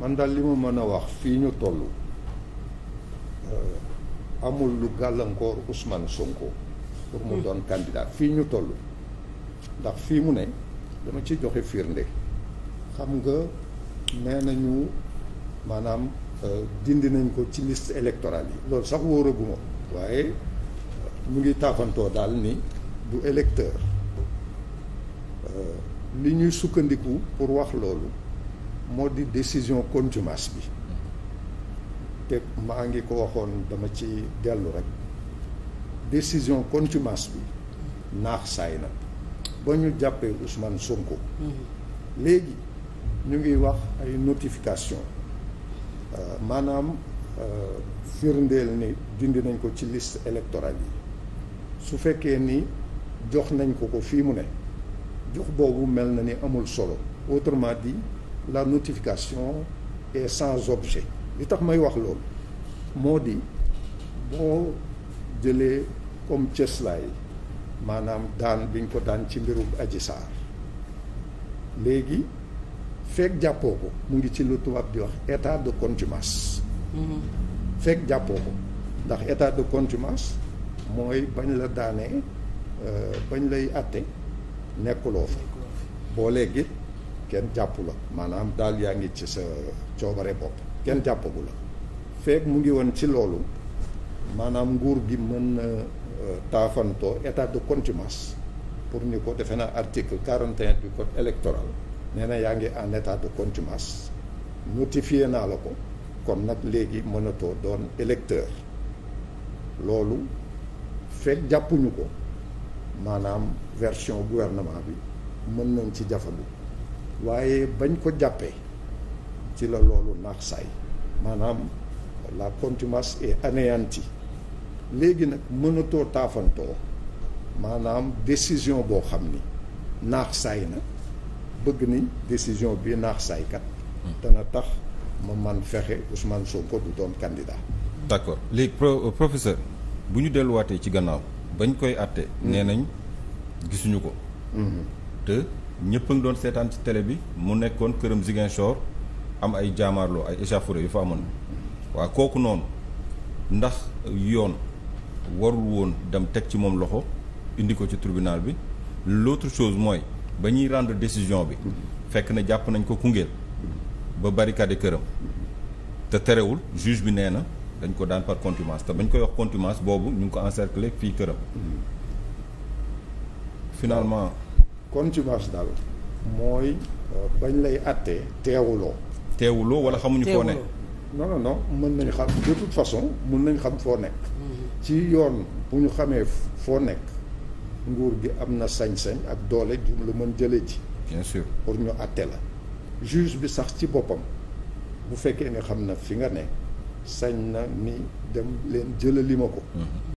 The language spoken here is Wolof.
man daal li mu mën a wax fii ñu toll euh, amul lu gàllankoor Ousmane Sonko. pour mu hmm. doon candidat fii ñu toll ndax fii mu ne dama ci joxe firnde xam nga nee nañu maanaam euh, dindi nañ ko ci liste électorale yi loolu sax wóoraguma waaye euh, mu ngi taafantoo daal ni du électeur li ñuy sukkandiku pour wax loolu moo di décision contumace bi te maa ngi ko waxoon dama ci dellu rek décision contumace bi naax saay na ba ñu jàppee Ousmane Sonko. léegi ñu ngi wax ay notification euh, maanaam euh, firndeel ni dindi nañ ko ci liste électorale yi su fekkee ni jox nañ ko ko fii mu ne jox boobu mel na ni amul solo autrement dit la notification est sans objet li tax may wax loolu moo di boo jëlee comme cëslaay maanaam daan biñ ko daan ci mbirum aji Sarr léegi fekk jàppoo ko mu ngi ci lu tubaab di wax état de contumace mm-hmm. fekk jàppoo ko ndax état de contumace mooy bañ la daanee euh, bañ lay atte nekkuloo fa boo léegi kenn jàppu la maanaam daal yaa ngi ci sa coobare bopp kenn jàppagu la feek mu ngi woon ci loolu maanaam nguur gi mën na euh, taafantoo état de contumace pour ni ko defe na article 41 du code électoral nee na yaa ngi en état de contumace notifié naa la ko kon nag léegi mënatoo doon électeur loolu fekk jàppuñu ko maanaam version gouvernement bi mën nañ ci jafandu waaye bañ ko jàppee ci la loolu naax saay maanaam la contumace est anéantie léegi nag mënatoo taafantoo maanaam décision boo xam ni naax saay na bëgg ni décision bi naax saay kat hmm. dana tax ma man fexe Ousmane Sonko du doon candidat d'accord léegi pro euh, professeur bu ñu delluwaatee ci gannaaw bañ koy àtte hmm. nee nañ gisuñu ko hmm. te ñëpp ngi doon seetaan ci télé bi mu nekkoon këram Ziguinchor am ay jaamaarloo ay échauffourées yu fa amoon waaw kooku noonu ndax yoon warul woon dem teg ci moom loxo indi ko ci tribunal bi l'autre chose mooy ba ñuy rendre décision bi fekk na jàpp nañ ko Koungheul ba barricade këram te terewul juge bi nee na dañ ko daan par contumace te bañ koy wax contumace boobu ñu ngi ko encercler fii këram finalement contumace daal mooy euh, bañ lay attee teewuloo teewuloo wala xamuñu koo nekk non non non mën nañ xam de toute façon mun nañ xam foo nekk mm-hmm. yoon bu ñu xamee foo nekk nguur gi am na sañ-sañ ak doole ju la mën jëlee ci bien sûr pour ñu atte la juge bi sax ci boppam bu fekkee ni xam na fi nga ne sañ na ni dem leen jëlali ma ko mm-hmm.